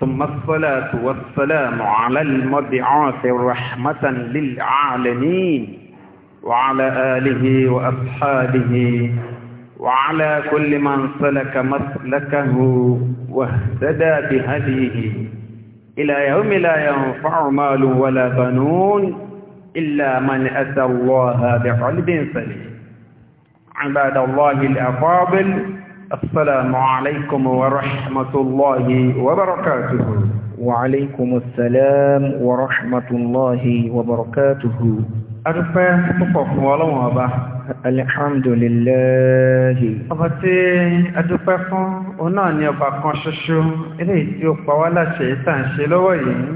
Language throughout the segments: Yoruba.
ثم الصلاة والسلام على المبعوث رحمة للعالمين وعلى آله وأصحابه وعلى كل من سلك مسلكه واهتدى بهديه إلى يوم لا ينفع مال ولا بنون إلا من أتى الله بقلب سليم عباد الله الأفاضل السلام عليكم ورحمة الله وبركاته وعليكم السلام ورحمة الله وبركاته adúpẹ́ púpọ̀ fún ọlọ́run ọba alhamdulillahi ọba tí adúpẹ́ fún o náà ni ọba kan ṣoṣo ilé tí ó pa wá láṣẹ ìtànṣe lọ́wọ́ yìí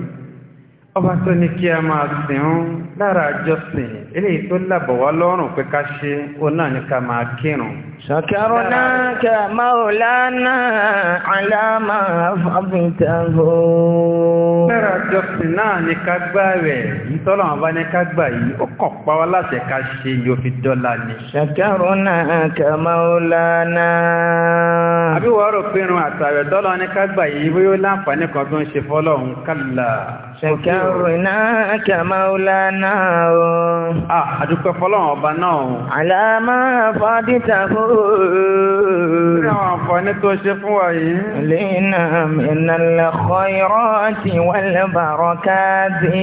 ọba tó ní kí a máa sìn ún lára àjọsìn eléyìí tó lábọ̀ wá lọ́rùn pé ká ṣe ó náà ní ká máa kírun. ṣàkàrọ̀ náà kà Maulana àlámà fàbìtàgò. lára àjọsìn náà ní ká gbà rẹ̀ yìí tọ́lọ̀ wọn bá ní ká gbà yìí ó kàn pa láti ká ṣe yóò fi dọ́là ni. ṣàkàrọ̀ náà kà Maulana. àbí wọ́n rò pé irun àtàwẹ̀ dọ́là ní ká gbà yìí bóyá ó láǹfààní Maulana náà o. Ah, Àdúpẹ́ fọ́lọ́run ọba náà o. Àlámà fọ́dítà o. Bí àwọn àǹfààní tó ṣe fún wa yìí. Lẹ́nà mìnà lẹ́kọ̀ọ́ irọ́ ti wà lẹ́bàárọ̀ káàdì.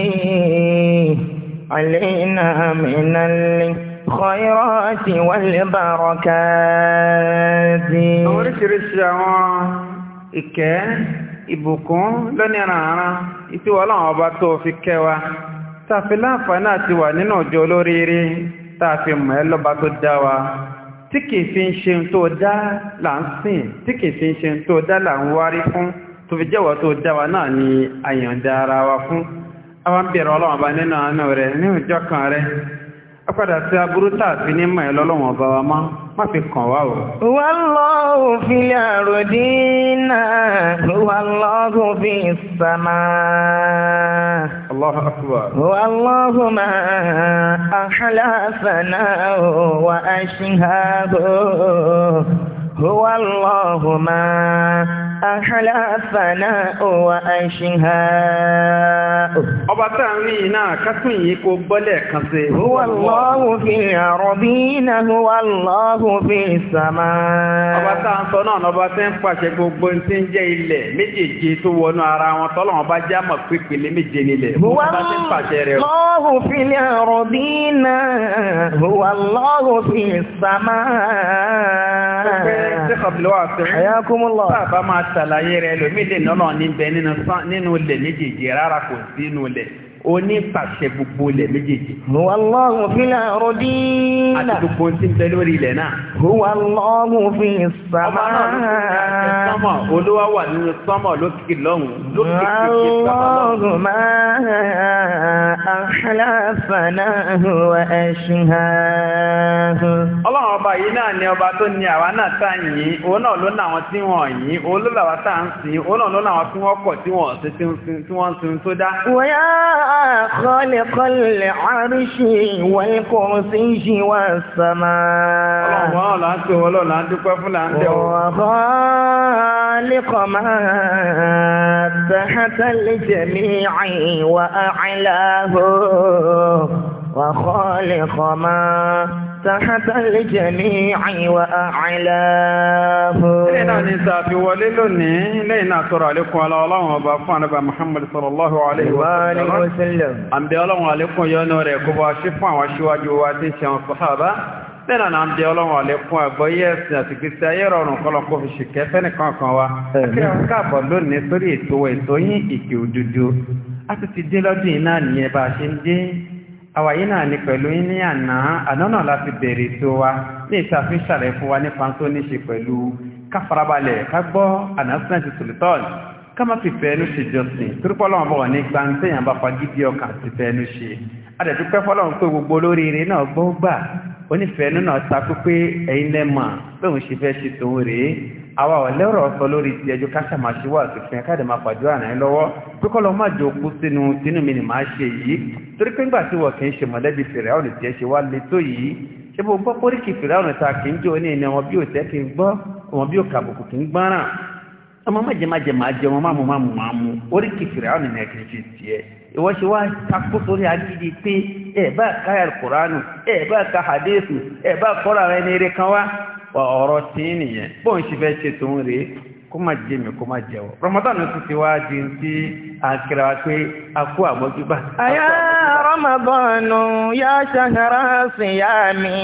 Àlẹ́nà mìnà lẹ́kọ̀ọ́. الخيرات والبركات oríṣiríṣi àwọn ìkẹ́ ìbùkún lónìí ràn án tí wọ́n lọ́wọ́ ọba tó fi kẹ́ wa tàfi láǹfààní àti wà nínú ọjọ́ olóríire tàfi mọ̀ ẹ́ lọ́ba tó dá wa tí kìí fi ń ṣe tó dá là ń sìn tí kìí fi ń ṣe tó dá là ń wárí fún tó fi jẹ́wọ́ tó dá wa náà ni àyàndá ara wa fún àwọn bẹ̀rẹ̀ ọlọ́wọ́n bá nínú àánú rẹ̀ nínú ìjọ kan rẹ̀ Apádà sí aburú tààfi ní mọ̀ ẹlọ́lọ́wọ̀n ọba wa máa má fi kàn wá o. Wallahu fil ardina, wallahu fis samaa. Allahu akbar. Wallahu ma ahla sana'u wa ashhabu. Wallahu ma. أحلى فناء وأشهاء هو الله في الأرضين هو الله في السماء ọba tá sọ náà lọba tí ń pàṣẹ gbogbo tí ń jẹ́ ilẹ̀ méjèèjì tó wọnú ara wọn tọ́lọ̀ wọn Allahu fil ardina, huwa hayakumullah bàbá máa ṣàlàyé rẹ̀ lómi lè nọ́nà níbẹ̀ nínú ilẹ̀ méjèèjì rárá kò sí inú ilẹ̀ onípàṣẹ gbogbo ilẹ̀ méjèèjì. Huwallahu A ardi. Àti gbogbo tí ń bẹ lórí ilẹ̀ náà. Huwallahu fis náà wà nínú sọ́mọ̀ lókìkì lọ́hùn. Allahu ma ahla Ọlọ́run ọba yìí náà ni ọba tó ní àwa náà tá à Òun náà ló náà wọn Òun ló làwọn tá à ń sìn. Òun náà ló náà wọn tí wọ́n kọ̀ tí wọ́n sin tó dá. خلق العرش والكرسي والسماء وخالق ما تحت الجميع وأعلاه وخالق ما تحت الجميع وأعلاه lẹ́yìn náà وللني sàfi wọlé lónìí lẹ́yìn náà sọ̀rọ̀ àlékún aláwọ̀láwọ̀ ọba الله ànábà Muhammad sallallahu alaihi wa sallam àmì ọlọ́run àlékún yọ́nà rẹ̀ kó bá ṣí fún àwọn aṣíwájú wa tí ṣe àwọn sàhábà nínú àwọn àmì ọlọ́run àlékún àgbọ́yé ẹ̀sìn àti gbèsè ayé rọrùn kọlọ̀kọ́ fi ṣìkẹ́ fẹ́nìkan kan wa káàbọ̀ lónìí sórí ètò ètò yín ìkè òdodo a ti ti dé lọ́dún iná nìyẹn bá ṣe ń dé àwàyé náà ni pẹ̀lú yín ní àná àná náà láti bẹ̀rẹ̀ tó wa ní ìtàfin ṣàlẹ̀ fún wa nípa tó ní ṣe pẹ̀lú káfarabalẹ̀ ká gbọ́ ànásílẹ̀tì tòlítọ́ọ̀lù ká má fi fẹ́ẹ́nu ṣe jọsìn torípọ́lọ́wọ́n bọ̀ ní gbàǹtẹ̀yàn bá fagídí ọkàn ti fẹ́ẹ́nu ṣe adẹ̀dúpẹ́ fọ́lọ́run pé gbogbo olóríire náà gbọ́ gbà onífẹ́ẹ́nu náà takú pé ẹ̀yin lẹ́mọ̀ lóun ṣe àwa ò lẹ́rọ̀ sọ lórí ti ẹjọ́ káṣà máa ṣe wà tuntun ẹ̀ká dẹ̀ máa pàjọ́ àná ẹ lọ́wọ́ pé kọ́ lọ má jò kú sínú sínú mi ni máa ṣe yìí torí pé ńgbà tí wọ́n kì í ṣe mọ̀lẹ́bí fèrè àwọn ìtì ẹ̀ ṣe wá le tó yìí ṣé bó gbọ́ póríkì fèrè àwọn ìta kì í jó ní ẹni wọn bí hadithu ẹ bá kọ́ra ẹni eré ọ̀rọ̀ tí nìyẹn bó ń ṣe fẹ́ ṣe tó ń rèé kó má jẹ mi kó má Ramadan ti ti wá di ti àkìrà pé a kó رمضان يا شهر صيامي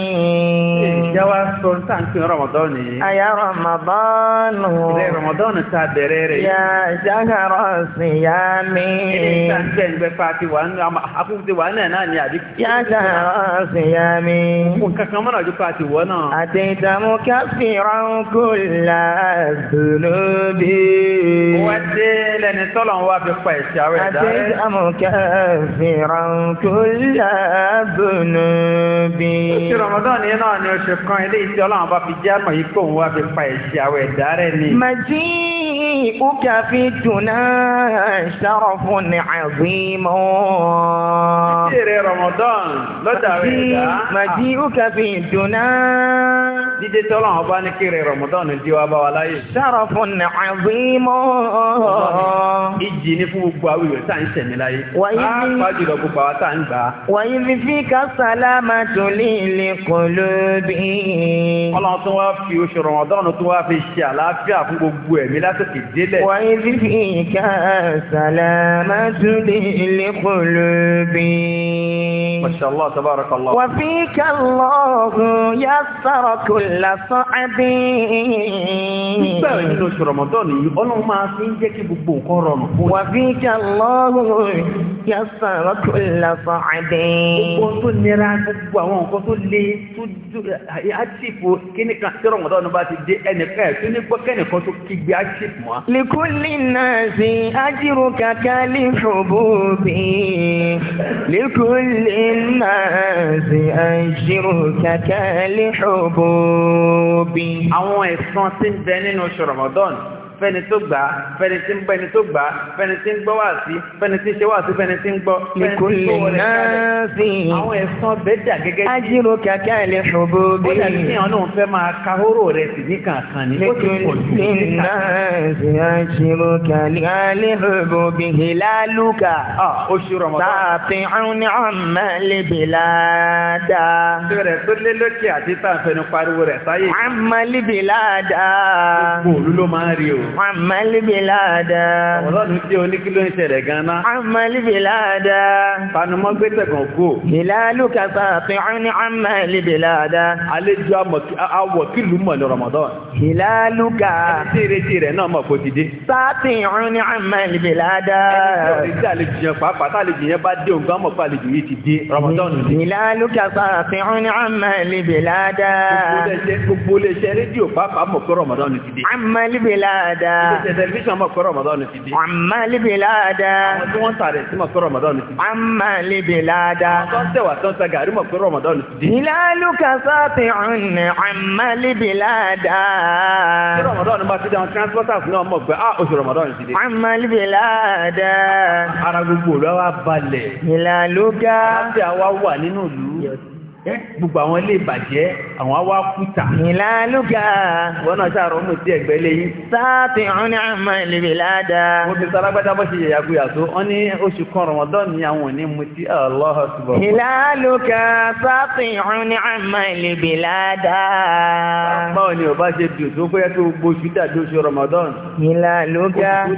ìjẹ́wá sọ ní tàǹtì rọmọdọ́n ni. àyà rọmọdọ́n. ilé rọmọdọ́n ta bẹ̀rẹ̀ rẹ̀. yà ṣàkàrà síyámi. ilé ìtàǹtì ẹ̀ǹgbẹ́ pàtì wà ní akúntì wà náà náà ni àbí. yà ṣàkàrà síyámi. fún kankan mọ́nà ojú pàtì wọ́ náà. àti ìdààmú káfíìrán kò là dùnúbí. wọ́n dé lẹ́ni tọ́lọ̀ kúlà bùnú bí. oṣù rọmọdán ni náà ni oṣù kan ilé iṣẹ́ ọlọ́run bá fi jẹ́ àmọ̀ yìí kó òun wá fi pa ẹ̀ṣẹ̀ àwọn ẹ̀dá rẹ̀ ni. màjí ìkúkà fi dùnà ṣàròfò ní àgbìmọ̀. ìṣeré rọmọdán lọ́dà rẹ̀ dá. màjí ìkúkà fi dùnà. dídé tí ọlọ́run bá ní kéré rọmọdán di wa bá wa láyé. ṣàròfò ní àgbìmọ̀. ìjì ni fún gbogbo àwọn ìwé tá à ń ṣẹ̀mí ń gbà. wàyí fífi ká sálámà tó lè lè kọ́ lóbi. ọlọ́run tó wá fi oṣù rọ̀mọ̀dọ́rùn tó wá fi ṣe àlàáfíà fún gbogbo ẹ̀mí lásìkò délẹ̀. wàyí fífi ká sálámà tó lè lè kọ́ lóbi. masha allah tabaraka allah. wà fi ká lọ́ọ̀gùn yá sọ̀rọ̀ kò lásán àbí. nígbà yìí ní oṣù rọ̀mọ̀dọ́rùn yìí ọlọ́run máa fi ń jẹ́ kí gbogbo nǹkan rọrùn fún wa. fi ká lọ́ọ̀gùn yá sọ̀rọ̀ kò lásán صعدين gbogbo tó nira gbogbo àwọn nǹkan tó le tó àtìpó kíní kan tí rọ̀mọ̀dọ́ ọ̀nà bá ti dé ẹnìkan ẹ̀ tó ní gbọ́ kẹ́nìkan tó kígbe àtìpó mọ́. likuli nasi ajiru kaka li hububi likuli nasi ajiru kaka li hububi. àwọn ẹ̀sán tí ń bẹ nínú oṣù fẹ́ni tó gbà fẹ́ni tí ń gbọ́ tó gbà fẹ́ni tí ń gbọ́ wà sí fẹ́ni tí ṣe wà sí fẹ́ni tí ń gbọ́ fẹ́ni tí ń gbọ́ rẹ̀ àwọn ẹ̀sán bẹ́dà gẹ́gẹ́ bí ajírò kàkà ilẹ̀ ṣòbó bí ó dàbí kí ọ̀nà fẹ́ máa ka hóró rẹ̀ sì ní kankan ni ó ti pọ̀ jù ní kankan. ajírò kàkà ilẹ̀ ṣòbó bí hilaluka oṣù rọmọdán tààfin ọ̀nà ọ̀mà lébi ládàá. bẹ̀rẹ̀ tó lé lókè rẹ̀ sáyé. ọ̀mà lébi Àmàlìbìláàdá. Ọlọ́run tí o ní kí ló ń ṣẹlẹ̀ gan-an. Àmàlìbìláàdá. Fanumọ́ gbé tẹ̀gàn kú. Bìláàlù kàtà àti ọ̀nì àmàlìbìláàdá. Àlejò awọ̀ kìlú mọ̀ ní Ramadan. Bìláàlù kà. Ẹni tí ìrètí rẹ̀ náà mọ̀ kó ti dé. Sáàtì ọ̀nì àmàlìbìláàdá. Ẹni tí àlejò yẹn pàápàá tàlejò yẹn bá dé òǹkà mọ̀ pé àlejò yìí ti dé Ramadan nìyí. Bìláàlù kàtà bilada. Ṣé tẹlifíṣàn mọ̀ pé Ramadan ti dé? Amali bilada. Àwọn tí wọ́n tààrẹ̀ sí mọ̀ pé Ramadan ti dé. Amali bilada. Àwọn tó ń tẹ̀wà tó ń ta gàrí mọ̀ pé Ramadan ti dé. Hilaluka sati'un amali bilada. Ṣé Ramadan bá ti dé àwọn transporters náà mọ̀ pé ah, oṣù Ramadan ti dé? Amali bilada. Ara gbogbo olú wa balẹ̀. Hilaluka. Àti àwa wà nínú ìlú gbogbo àwọn ilé ìbàjẹ́ àwọn awá kúta. ìlàlúgà wọ́n sáàrọ̀ ọmọ sí ẹgbẹ́ léyìn. sáàtì ọ̀nà àmà ìlèbè ládàá. mo fi sárágbádá bọ́ sí yàgùyà tó wọ́n ní oṣù kan rọ̀mọ́dọ́ ni àwọn òní mu sí Allahu Akbar. ìlàlúgà sáàtì ọ̀nà àmà ìlèbè ládàá. báwo ni o bá ṣe dùn tó bóyá tó gbogbo oṣù dàbí oṣù rọ̀mọ́dọ́. ìlàlúgà kò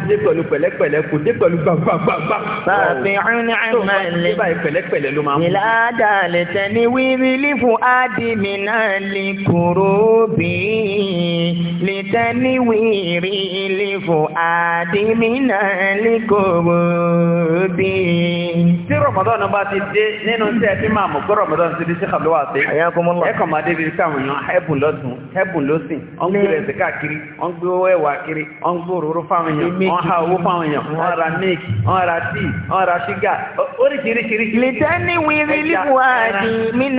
dé bílífù ádìmínà lè kúrò bí lè tẹ́níwìrì lífù ádìmínà lè kúrò bí. Tí Rọ̀mọ́dọ́nù bá ti dé nínú tí ẹ fi máa mọ̀ pé Rọ̀mọ́dọ́nù ti di sí Kàlúwà sí. Ẹ̀kọ́ máa débi káwọn èèyàn ẹ̀bùn lọ́sùn, ẹ̀bùn lọ́sìn, ọ̀n gbé ẹ̀sẹ̀ káàkiri, ọ̀n gbé owó ẹ̀wà kiri, ọ̀n gbé òróró fáwọn èèyàn, ọ̀n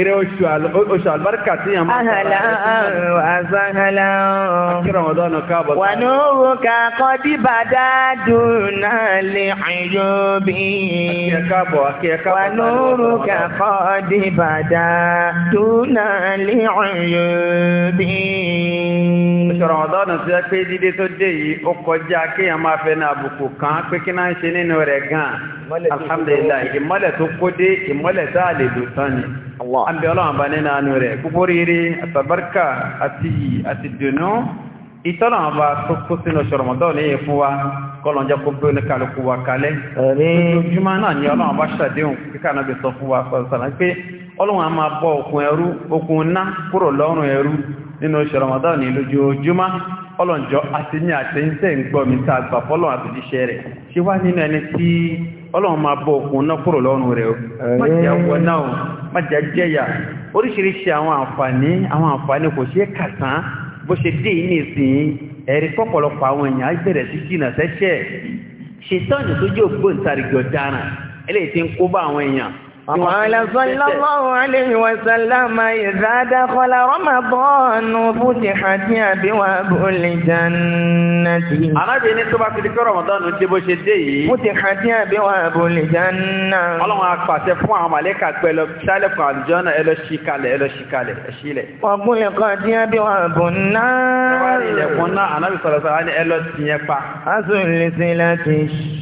ìrẹ́ oṣù àlùbáríkà tí yàn máa tààrà àzáhàlá akírànwọ̀dọ́nà káàbọ̀ wà ní owó kàkọ́ dìbà dáadùnà lè àyòbí wà ní owó kàkọ́ dìbà dáadùnà lè àyòbí ṣọ̀rọ̀mọ̀dọ́nà tí ó pé dídé tó dé yìí ó kọjá kí yàn máa fẹ́ ní àbùkù kan pé kí náà ń ṣe nínú rẹ̀ gan-an alhamdulillah ìmọ́lẹ̀ tó kó dé ìmọ́lẹ̀ tá a lè lò tán ni an bẹ ọlọ́run bá nínú àánú rẹ̀ púpọ̀ rírí àtàbárkà àti yìí àti dùnú ìtọ́lọ́run bá tó kó sínú ṣọ̀rọ̀mọ́tọ́ ní fún wa kọ́lọ̀n jẹ́ kó gbé ní kálukú wa kalẹ̀ jùmọ́ náà ni ọlọ́run bá ṣàdéhùn kíkà náà bí sọ fún wa sọ̀rọ̀ pé ọlọ́run a máa bọ́ okùn ẹrú okùn ná kúrò lọ́rùn ẹrú nínú ṣọ̀rọ̀mọ́tọ́ ní lójoojúmọ́ ọlọ́njọ́ àti ní àtẹ́yìntẹ́ ń gbọ́ mi tá àgbà fọ́lọ́run àti jíṣẹ́ rẹ̀ ṣe wá nínú ẹni tí ọlọ́run máa bọ́ okùn ná kúrò lọ́rùn rẹ̀ o má jẹ́ wọ náà májà jẹ́yà oríṣiríṣi àwọn àǹfààní àwọn àǹfààní kò ṣeé kàtán bó ṣe dé ní ìsìn ẹ̀rí pọ̀pọ̀lọpọ̀ àwọn èèyàn bẹ̀rẹ̀ sí jìnà ṣe ṣetán tó jẹ́ ògbóǹtarìgì ọ̀daràn eléyìí قال صلى الله عليه وسلم إذا دخل رمضان فتحت أبواب الجنة Ànábì ní tó bá fi di pé Ramadan ti bó ṣe dé yìí. Futihati abwabul janna. Ọlọ́run á pàṣẹ fún àwọn màlẹ́kà pé lọ ṣálẹ̀kùn àlùjọ́nà ẹ lọ ṣí kalẹ̀ ẹ lọ ṣí kalẹ̀ ẹ ṣílẹ̀. Waghlaqat abwabun nar. Ẹ̀wá ilẹ̀kùn náà Ànábì sọ̀rọ̀ sọ̀rọ̀ á ní ẹ lọ tìyẹn pa. Azul silatish.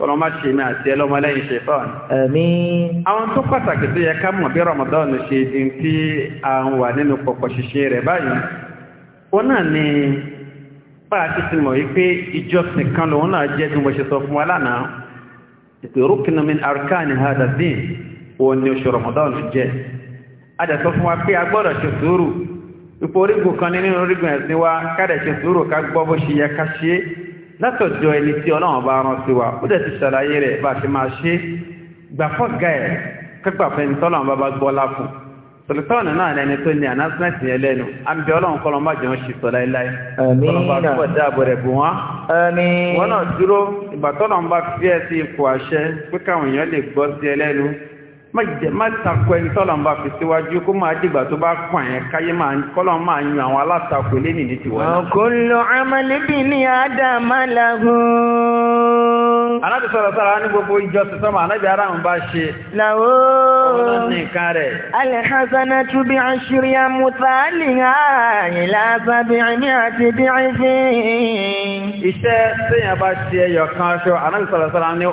kọ́nà má ṣe ní àti ẹlọ́mọ lẹ́yìn ṣe fọ́n. àmín. àwọn tó pàtàkì tó yẹ ká mọ̀ bí Ramadan ṣe di tí a ń wà nínú pọ̀pọ̀ ṣiṣẹ́ rẹ̀ báyìí wọn náà ni bá a ti ti mọ̀ wípé ìjọsìn kan lòun náà jẹ́ bí mo ṣe sọ fún wa lánàá ìpè rúkìnnà min arkani hada din òun ni oṣù Ramadan jẹ́ a dẹ̀ sọ fún wa pé a gbọ́dọ̀ ṣe sùúrù ipò orígun kan nínú orígun ẹ̀sìn wa ká ṣe sùúrù ká gbọ́ bó ṣe yẹ ká ṣe é látọ̀jọ́ ẹni tí ọlọ́run bá rán sí wa ó dẹ̀ ti ṣàlàyé rẹ̀ bá ti máa ṣe gbàfọ́ ga ẹ̀ kẹ́gbà fẹ́ni tọ́lọ́run bá bá gbọ́ láfún sọlítọ́ọ̀nù náà lẹni tó ní ànásínẹ́sì yẹn lẹ́nu àbí ọlọ́run kọ́ lọ́n bá jẹun ṣe sọ ọlọ́run bá túbọ̀ má jẹ má takọ ẹni tọ́lọ̀ ń bá fi síwájú kó máa dìgbà tó bá kàn yẹn káyé máa ń kọ́lọ̀ máa yan àwọn alátakò lẹ́nìí ní tiwọn. kullu amali ibni Adama lahu. anábì sọ̀rọ̀ sọ̀rọ̀ ní gbogbo ìjọ ti sọ́mọ̀ anábì ara ń bá ṣe. lahu. ọ̀rọ̀ nìkan rẹ̀. alhasanatu bi ashri amthaliha ila sab'imi'ati di'fin. iṣẹ́ sẹ́yìn bá ṣe ẹyọ kan aṣọ anábì sọ̀rọ̀ sọ̀rọ̀ ní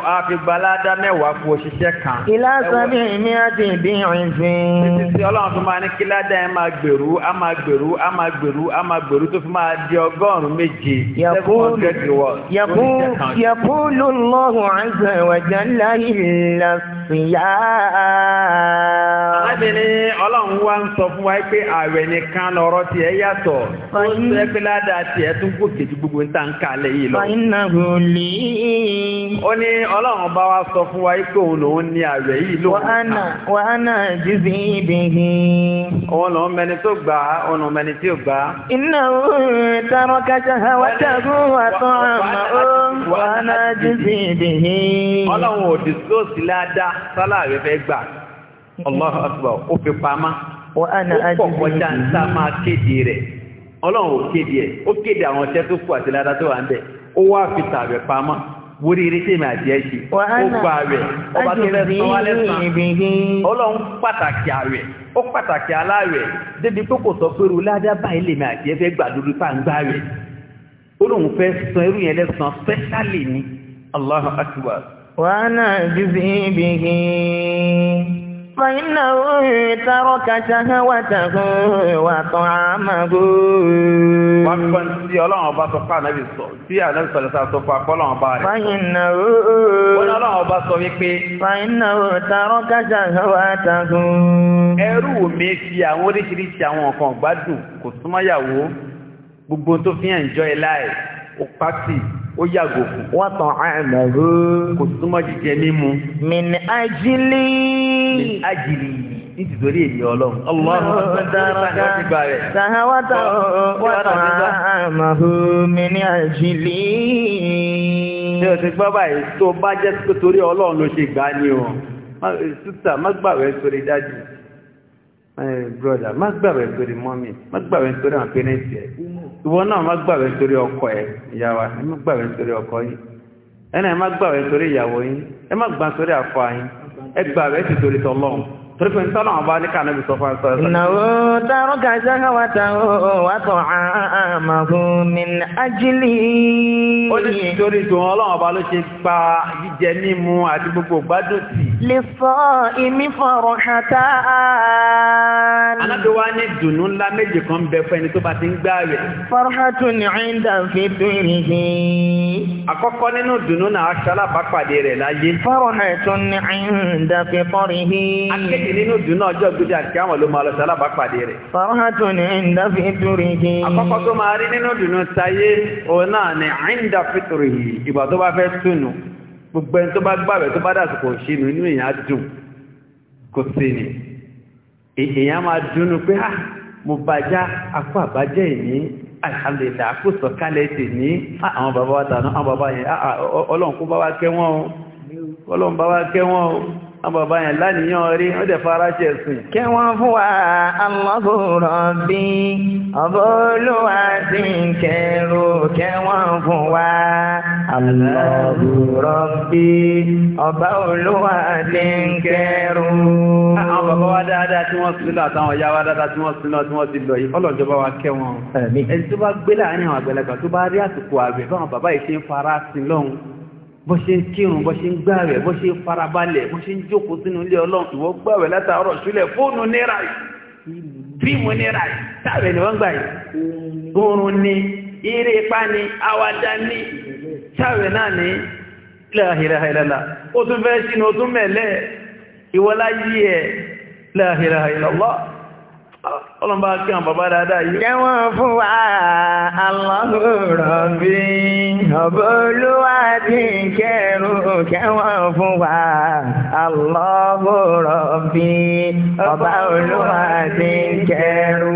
mi àti ìbíyìn ìfín. títí ọlọ́run tó máa ní kí ládàá ẹ máa gbèrú á máa gbèrú á máa gbèrú á máa gbèrú tó fi máa di ọgọ́rùn-ún méje. yàkúlù lọ́hùn àìsàn ìwàjà ńlá ìlà síyá. arábìnrin ọlọ́run wa ń sọ fún wa pé nìkan ẹ yàtọ̀ ó pé ládàá gbogbo ń lọ. ó ní sọ fún wa pé òun lòun ní ààrẹ yìí lòun ká. nà jíjí ìbéhe. òun lòun mẹni tó gbà á òun lòun mẹni tí ò gbà á. iná òun tọrọ kájà wá tẹ̀gùn wà tán ó sálà rẹ̀ fẹ́ gbà Allahu Akbar ó fi pamá ó pọ̀ kọjá ń sá máa kéde rẹ̀ ọlọ́run ò kéde ẹ̀ ó kéde àwọn iṣẹ́ tó kù àti ládá tó wà ń bẹ̀ ó wá fi tààrẹ̀ pamá wórí irété mi àti ẹ̀ṣì ó gba rẹ̀ ọba tó lẹ́sàn wá ọlọ́run pàtàkì ààrẹ̀ ó pàtàkì aláàrẹ̀ débi tó kò sọ pérú وأنا أجزي به فإنه ترك شهوته وطعامه Wákọ̀ tí ọlọ́run ọba sọ fáà náàbì sọ, tí ànábì sọ lẹ́sà sọ fáà kọ́lọ́run ọba rẹ̀. Fàínà ooo. Wọ́n ọlọ́run ọba sọ wípé. mi fi àwọn oríṣiríṣi àwọn nǹkan gbádùn kò súnmọ́yàwó gbogbo tó fi hàn jọ ẹ̀ láì, ó pátì, ó yàgò fún. wọ́n tàn àmọ̀ hó. kò súnmọ́ jíjẹ mímu. min ajili. min ajili nítorí èyí ọlọ́run. Allahu akbar. sàhàwátà wàtà àmàhù mi ní àjílì. ṣé o ti gbọ́ báyìí tó bá jẹ́ pé torí ọlọ́run ló ṣe gbá ní o sísà má gbàwẹ̀ sórí dájú eh, brother má gbàwẹ̀ sórí mọ́mì má gbàwẹ̀ sórí àwọn pẹ́rẹ́ǹtì ẹ̀ ìwọ náà má gbàwẹ̀ torí ọkọ ẹ̀ ìyàwó ẹ má gbàwẹ̀ torí ọkọ yín ẹnà ẹ má gbàwẹ̀ torí ìyàwó yín ẹ má gbà torí àfọ yín ẹ gbàwẹ̀ ti torí tọlọ́run torípé ń sọ́nà ọba ní kànáà bí sọ fún ẹ̀sọ́ ẹ̀sọ́. ìnáwó tárọ́kà ṣáhàwátà wàtọ̀ àmàhùn min ajílì. ó ní nítorí tòun ọlọ́run ọba ló ṣe gba jíjẹ mímu àti gbogbo gbádùn tì. lè sọ ìmí fọ̀rọ̀ ṣàtà. anábíwá ní dùnú ńlá méje kan bẹ fún ẹni tó bá ti ń gbá rẹ̀. fọ́rọ̀hátù ní ẹ̀ńdà fi bèrè he. àkọ́kọ́ nínú dùnú náà aṣọ alábàápàdé rẹ̀ láyé. fọ́rọ̀hátù ẹlòmíì nínú dùnú ọjọ́ gbogbo àti àwọn ló máa lọ sálábàápàdé rẹ̀. farhatun ní inda fitrihi. àkọ́kọ́ tó máa rí nínú dùnú táyé òun náà ní inda fitrihi ìgbà tó bá fẹ́ túnú gbogbo ẹni tó bá gbàgbẹ́ tó bá dàsìkò ṣínú inú èèyàn á dùn kò sí ni èèyàn máa dùnú pé ah mo bàjá akó àbájẹ́ ìní alhamdulillah kò sọ kálẹ̀ tè ní ah, àwọn bàbá wa tàná àwọn bàbá yẹn ah, ah, ọlọ́run kó bá wa kẹ́ wọ́n o ọlọ́run bá wa kẹ́ wọ́n o ọmọ bàbá yẹn láníyàn rí ó dẹ̀ fara ṣe ẹ̀sìn. kí wọ́n fún wa amọ́kùnrọ̀ bí ọ̀bọ̀ olúwa sí kẹrù kí wọ́n fún wa amọ́kùnrọ̀ bí ọba olúwa sí kẹrù. àwọn bàbá wa dáadáa tí wọ́n sílọ àtàwọn ìyá wa dáadáa tí wọ́n sílọ tí wọ́n ti lọ yìí ọlọ́jọba bó ṣe ń kírun bó ṣe ń gbààwẹ̀ bó ṣe ń farabalẹ̀ bó ṣe ń jókòó sínú ilé ọlọ́run ìwọ gbààwẹ̀ látàárọ̀ ṣúlẹ̀ fóònù náírà yìí fíìmù náírà yìí táàbẹ̀ ni wọ́n gbà yìí oorun ni eré ipá ni àwàdà ni táàbẹ̀ náà ni la ilaha illallah ó tún fẹ́ sínú ó tún mẹ̀lẹ́ ìwọlá yí ẹ̀ la ọlọ́mbà kí àwọn bàbá dáadáa yìí. jẹ́ wọ́n fún wa aláhùrọ̀ bí ọbọ̀lúwà tí ń kẹrù jẹ́ wọ́n fún wa aláhùrọ̀ bí ọbọ̀lúwà tí kẹrù.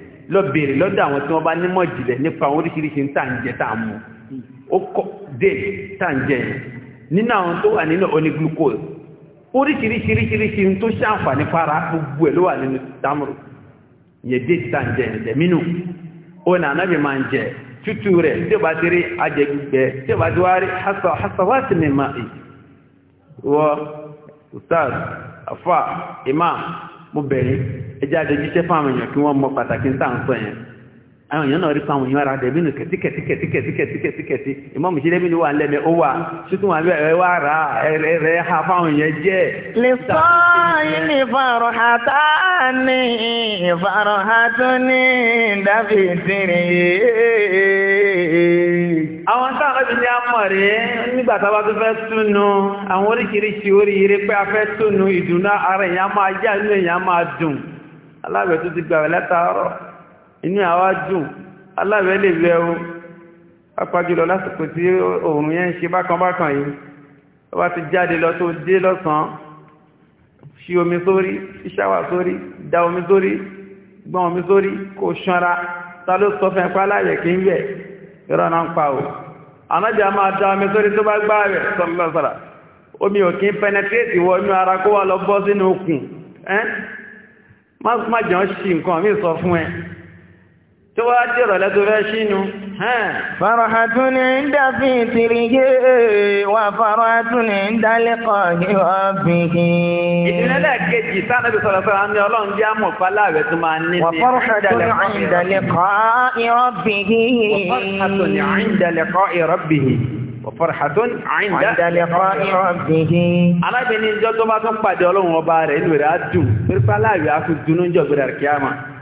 lọ bèèrè lọ́dọ̀ àwọn tí wọ́n bá nímọ̀ jìlẹ̀ nípa àwọn oríṣiríṣi tá ń jẹ tá ń mu ó kọ́ dé tá ń jẹ nínú àwọn tó wà nínú oní glucose oríṣiríṣiríṣiríṣi tó ṣàǹfààní fara gbogbo ẹ̀ ló wà nínú tamuru ìyẹn dé tá ń jẹ ẹ̀jẹ̀ mínú ó nà ánábì máa ń jẹ tútù rẹ̀ tí ó bá ti rí ajẹ gbígbẹ tí ó bá ti wá rí hasawasi mi máa ì wọ́n afa imam mo bẹ̀rẹ̀ ẹjẹ́ àdójúṣẹ́ fún àwọn èèyàn kí wọ́n mọ pàtàkì ń tàn sọ yẹn àwọn èèyàn náà rí fún àwọn èèyàn ara dẹ̀bí nù kẹ̀tíkẹ̀tíkẹ̀tíkẹ̀tíkẹ̀tí ìmọ̀mù sí dẹ́bí ni wà lẹ́mẹ̀ ó wà títún wà lẹ́mẹ̀ ẹ wà rà ẹ̀rẹ̀ ha fáwọn èèyàn jẹ́. lè sọ ilé ìfarọ̀ hàtà ní ìfarọ̀ hàtún ní dàbí ìsirin yìí àwọn sáàrẹ́bì ní àmọ̀rẹ́ nígbàtàwà tó fẹ́ túnú àwọn oríkìíríṣì oríire pé a fẹ́ túnú ìdùnnà ara èyàn máa yá inú èyàn máa dùn aláwẹ̀ tó ti gbàwẹ̀ látàárọ̀ inú àwa dùn aláwẹ̀ lè wẹ̀ o pápájúlọ lásìkò tí òòrùn yẹn ń ṣe bákanbákan yìí ó bá ìrọ̀nà ń pa o anájà máa dá omi sórí tó bá gbá rẹ̀ sọ́lọ́sọ́lá omi ò kí penetrate wọ inú ara kó wà lọ bọ́ sínú okùn ẹ́ má jẹun ṣì nǹkan mí sọ fún ẹ tó wá jẹ́rọ̀ lẹ́tọ́fẹ́ sínú farahatu ni ń dá fi tìrìyé wà farahatu ni ń dálẹ́kọ̀ yíwọ́ fi hì ìdílẹ́lẹ́ kejì sánàbí sọ̀rọ̀sọ̀rọ̀ àmì ọlọ́run jẹ́ àmọ̀ fàlàrẹ̀ ní wà farahatu ni ń dálẹ́kọ̀ ni ń tó bá tún pàdé ọlọ́run ọba rẹ̀ inú rẹ̀ á dùn, pírípá láàrin á fi dúnú jọ gbẹ̀rẹ̀ kíá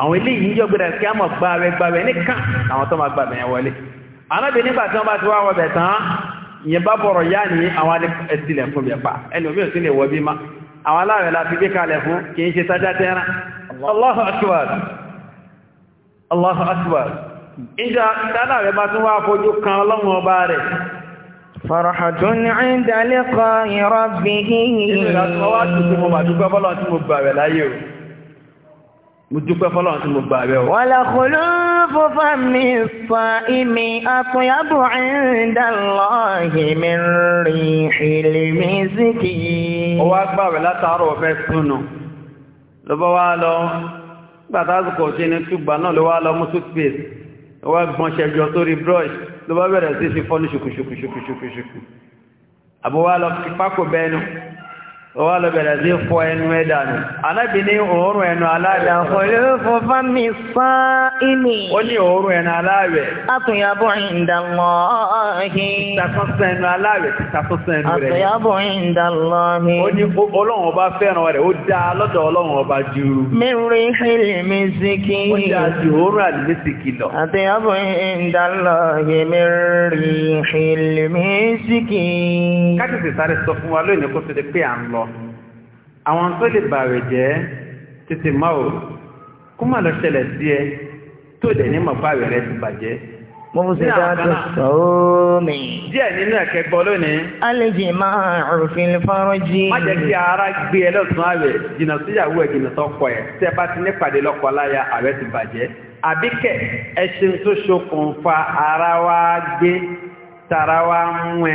àwọn eléyìí yọ gbẹdẹ kí a mọ gbàwẹ gbàwẹ nìkan àwọn tó máa gbàwẹ yẹn wọlé arábìnrin nígbà tí wọn bá ti wá wọbẹ tán ìyẹn bá bọrọ yá ni àwọn ẹsìlẹ fún mi pa ẹni omi ò sí lè wọ bí ma àwọn aláwẹ la fi gbé kalẹ̀ fún kì í ṣe sájá tẹran Allahu akbar Allahu mo dúpẹ́ fọ́lọ́run tí mo gbà rẹ̀ o. wọ́n lọ kòló fúnfà mi sọ ìmì àtúnyàbò ìdánlọ́ọ̀hì mi rí ìlè mi síkì. ó wá gbà rẹ̀ látàárọ̀ ọ̀fẹ́ súnù ló bá wá lọ gbàtà àsìkò ṣe ní túgbà náà ló wá lọ mú toothpaste ó wá gbọ́n ṣẹjọ sórí brush ló bá bẹ̀rẹ̀ sí fi fọ́nù ṣùkùṣùkùṣùkùṣùkù àbúwá lọ fi pákó bẹ́ẹ̀ nù. Ọwá lọ bẹ̀rẹ̀ sí fọ ẹnu ẹ̀dà nù. Anábì ní òórùn ẹnu aláàrẹ̀. Àdàkọ̀lẹ́ fọfá mi sán ìní. Ó ní òórùn ẹnu aláàrẹ̀. Àtúnyàbọ̀ ìndàlọ́hì. Ìtàkọ́sọ ẹnu aláàrẹ̀ ti takọ́sọ ẹnu rẹ̀. Àtúnyàbọ̀ ìndàlọ́hì. Ó ní ọlọ́run ọba fẹ́ràn rẹ̀, ó dá lọ́dọ̀ ọlọ́run ọba ju. Mẹ́rin hìlì mi sí kí. Ó dá ju òórùn àdìmí sí kí lọ. Àtúnyàbọ̀ ìndàlọ́hì mẹ́rin hìlì mi sí kí. Ká àwọn tó lè bàrẹ̀ jẹ́ tètè máa ò kó má lọ ṣẹlẹ̀ sí ẹ tó dẹ̀ ní mọ̀ bàrẹ̀ rẹ ti bàjẹ́. mo fi ṣe dáadọ́ sọ́ọ́mì. díẹ̀ nínú ẹ̀kẹ́ gbọ́ lónìí. a lè jẹ máa òfin fọ́rọ́ jí. má jẹ́ kí ara gbé ẹ lọ́sùn ààrẹ jìnnà síyàwó ẹ̀ jìnnà sọ́kọ ẹ̀ tí ẹ bá ti ní pàdé lọ́kọ láya ààrẹ ti bàjẹ́ àbíkẹ́ ẹṣin tó ṣokùnfà ara wa gbé tara wa ń wẹ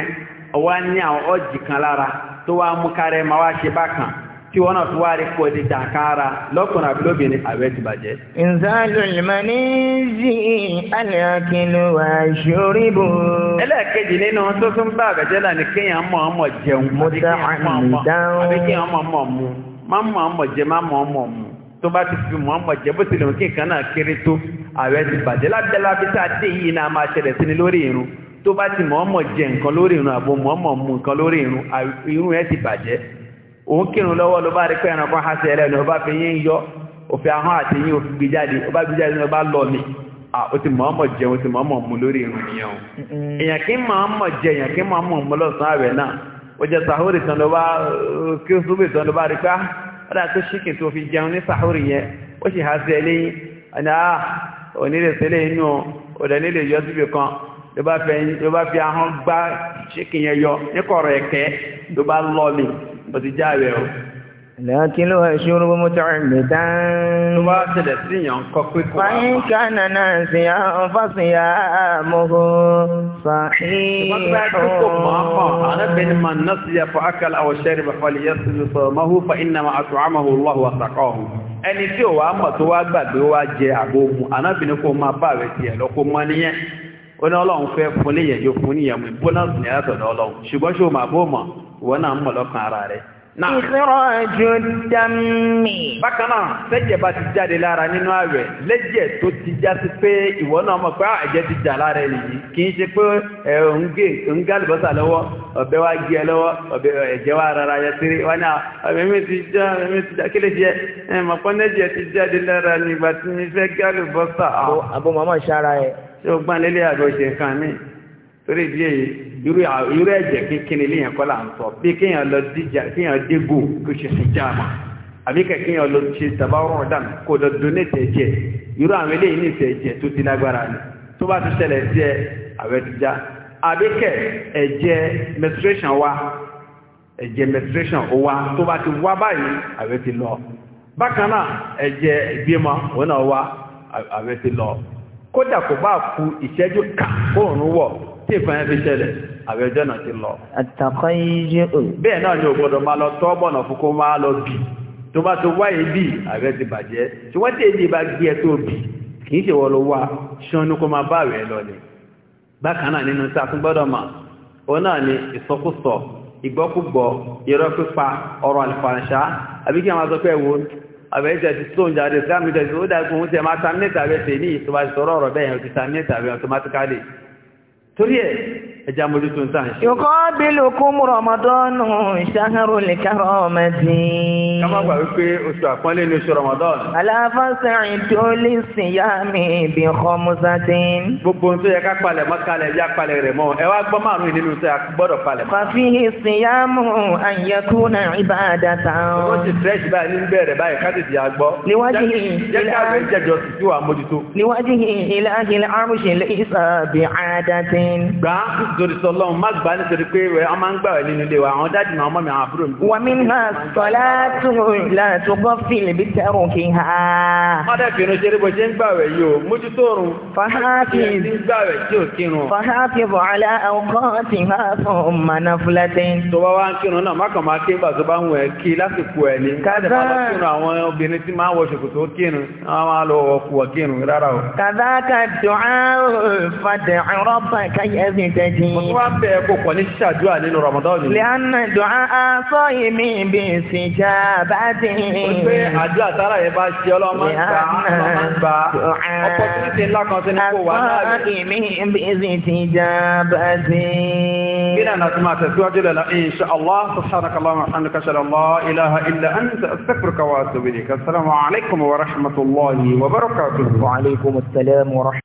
ọwọ́ ní àwọn ọ̀jì kan lára tó wá mú kárẹ́ máa wá ṣe bákan tí wọ́n náà fi wá rí kó di dàkára lọ́kùnrin àbí lóbìnrin àwẹ̀ ti bàjẹ́. ìzálù ìmọ̀ní sí alákìlú wa ṣoríbù. ẹlẹ́ẹ̀kejì nínú tó tún bá àbẹ̀jẹ́ náà ni kéèyàn mọ̀ ọ́n mọ̀ jẹun. mo dá àmì tó bá ti fi mọ̀ ọ́n mọ̀ jẹ bó kí nǹkan náà kéré tó àwẹ̀ ti bàjẹ́ lábẹ́lábí tá a dé yìí náà máa ṣẹlẹ̀ sí ni lórí irun tó bá ti mọ̀ ọ́n mọ̀ jẹ nǹkan lórí irun àbò mọ̀ ọ́n mọ̀ mu nǹkan lórí irun irun ẹ̀ ti bàjẹ́ òun kírun lọ́wọ́ ló bá rí pé ẹranko ha sí ẹlẹ́nu ọba fi yín yọ òfin ahọ́n àti yín òfin gbé jáde ọba gbé jáde ọba lọ mi ó ti mọ̀ọ́mọ̀ jẹ ó ti mọ̀ọ́mọ̀ mu lórí irun nìyẹn o èèyàn kí mọ̀ọ́mọ̀ jẹ èèyàn kí mọ̀ọ́mọ̀ mu lọ́sàn-án àwẹ̀ náà ó jẹ sàhórì tán ló bá kí ó súnbẹ̀ tán ló bá ló bá fẹ́ ló bá fi ahọ́n gbá ṣíkì yẹn yọ níkọ̀rọ̀ ẹ̀kẹ́ ló bá lọ bó ti já rẹ̀ o. Lẹ́kìn ló ṣe orúkọ mọ́tò ẹ̀mí Ló bá ṣẹlẹ̀ sí ìyàn kọ pé kò wá. Fáyín kánà náà sì á fásì á mọ́kò fàáyín. Ìmọ̀tò kó mọ̀ ọ́ kàn. Àdébìnrin máa ná sí ẹ̀fọ́ akálà ọ̀ṣẹ́ máa tó àmọ́hù Ẹni tí ò wá mọ̀ tó wá gbàgbé wá jẹ àgbo mu, àdébìnrin kò máa bá rẹ̀ tiẹ̀ lọ kó mọ́ níyẹn ó ní ọlọ́run fẹ́ fún léyìn yóò fún níyẹn mú bónọ́sì ní àtọ̀dọ̀ ọlọ́run ṣùgbọ́n ṣé o máa bó mọ̀ ìwọ náà ń mọ̀ lọ́kàn ara rẹ̀. ìsọ̀rọ̀jù dàmì. bákan náà sẹ́jẹ̀ bá ti jáde lára nínú ààwẹ̀ lẹ́jẹ̀ tó ti já sí pé ìwọ náà mọ̀ pé ah, ẹ̀jẹ̀ ti jà lára ẹ̀ nìyí kì í ṣe pé ẹ̀ ń gé àlùbọ́sà lọ́wọ́ ọ̀bẹ wa gé ẹ lọ́wọ́ ẹ̀jẹ̀ wa rárá ya tiri wọn náà ọ̀bẹ mi ti já ọ̀bẹ jẹ ẹ̀ mọ̀ pọ́nẹ́jẹ̀ ti jáde lára nígbà tí mi fẹ́ gé àlùbọ́sà. àbọ̀ màmá ṣe ara ẹ̀ tí ó gbá nílé àjọ ṣe nǹkan mí torí ìdí èyí irú ẹ̀jẹ̀ kékeré léyìn kọ́ là ń sọ bí kéèyàn lọ díjà kéèyàn dégò kó ṣe sí jáàmà àbí kéèyàn lọ ṣe tàbáwọ̀ dàn kó lọ donate ẹ̀jẹ̀ irú àwọn eléyìí ní ìṣẹ̀ ẹ̀jẹ̀ tó ti lágbára ni tó bá ti ṣẹlẹ̀ sí ẹ àwẹ̀ ti já àbí kẹ̀ ẹ̀jẹ̀ menstruation wa ẹ̀jẹ̀ menstruation wa tó bá ti wá báyìí àwẹ̀ ti lọ bákan náà ẹ̀jẹ̀ ìbímọ òun náà wá àwẹ̀ ti lọ kódà kò bá ku ìṣẹ́jú kan kóòrùn wọ̀ tí ìkan ẹbí ṣẹlẹ̀ àwẹ̀jọ́ náà ti lọ. àtàkọ́ iye o. bẹ́ẹ̀ náà ni ògbọ́dọ̀ máa lọ tọ́ bọ̀nà fún kó máa lọ bì tó bá tó wáyé bì àwẹ̀ ti bàjẹ́ ṣùgbọ́n tí èdè bá gbé ẹ tó bì kì í ṣe wọ́n lọ wá ṣánú kó máa bá àwẹ̀ lọ ni. bákan náà nínú tá a tún gbọ́dọ̀ mà òun náà ni ìsọkúsọ ìgbọ́kúgbọ̀ irọ́ ọ̀rọ̀ àlùfàǹṣá àbí kí àwọn azọ́pẹ́ wo àbẹ̀yẹ́sẹ̀ ti tó ń jáde sáàmì tẹ̀sí ó dákun oúnjẹ máa terminate àbẹ̀ tẹ̀ ní ìtọ́bá ti sọ̀rọ̀ ọ̀rọ̀ bẹ́ẹ̀ yẹn ti terminate àbẹ̀ automatically torí ẹ̀ ẹjá mójútó ń tàn ṣe. yuqabilukum Ramadan shahrul karamati. ká má gbà wípé oṣù àpọ́nlé ní oṣù Ramadan. aláfàṣẹ́rìndó lè sìn yá mi bí khamsatin. gbogbo ohun tó yẹ ká palẹ̀ mọ́ kalẹ̀ yá palẹ̀ rẹ̀ mọ́ ẹ wá gbọ́ márùn-ún nínú sẹ́ gbọ́dọ̀ palẹ̀. fàfihì siyamu an yakuna ibadatan. wọ́n ti tẹ́sí báyìí ní bẹ̀rẹ̀ báyìí ká tètè àgbọ̀. níwájú yìí ilahi al-arshi laysa torí sọlọ́run má gbà nítorí pé a máa ń gbà wẹ̀ nínú ilé wa àwọn dáàdì náà ọmọ mi àwọn àbúrò mi. wọ́n mi máa sọlá tó ìlànà tó gbọ́ fìlì bí tẹ́rùn kì í ha. wọ́n dẹ̀ fìrun ṣeré bó ṣe ń gbà wẹ̀ yìí o mójútó òrùn. fàháfi gbàwẹ̀ tí ò kírun. fàháfi bọ̀ọ̀lá ọkọ ti ha fún mọ̀nà fúlẹ́tẹ̀. tó bá wá ń kírun náà má kàn máa kí لأن دعاء صائم بسجابة أدعى ترى صائم بسجابة أن شاء الله سبحانك اللهم وبحمدك أشهد أن لا إله إلا أنت أستغفرك وأتوب السلام عليكم ورحمة الله وبركاته وعليكم السلام ورحمة الله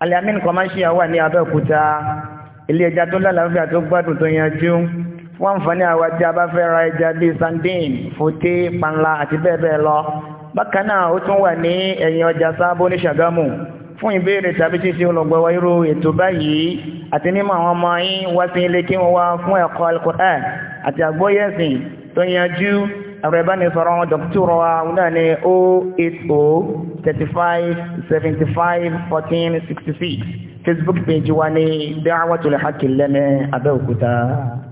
Al-Yamin commercial wà ní Abẹ́òkúta ilé ẹja tó lálàáfíà tó gbádùn tó yanjú wọ́n ń fọ́ ní àwọn ẹja bá fẹ́ ra ẹja bíi sandin fòté panla àti bẹ́ẹ̀ bẹ́ẹ̀ lọ bákan náà ó tún wà ní ẹ̀yìn ọjà sábó ní Ṣàgámù fún ìbéèrè tàbí ṣíṣe olùgbọ̀wọ́ irú ètò báyìí àti mímọ̀ àwọn ọmọ yín wá sí ilé kí wọ́n wá fún ẹ̀kọ́ Al-Qur'an àti àgbóyẹ̀sìn tó yanjú ẹ̀rọ ìbánisọ̀rọ̀ wọn dọ̀kítọ̀rọ̀ wa wọn náà ní o oh eight o oh, thirty five seventy five fourteen sixty six facebook page wa ní Da'watul Haqq Lẹ́mẹ̀ Abẹ́òkúta.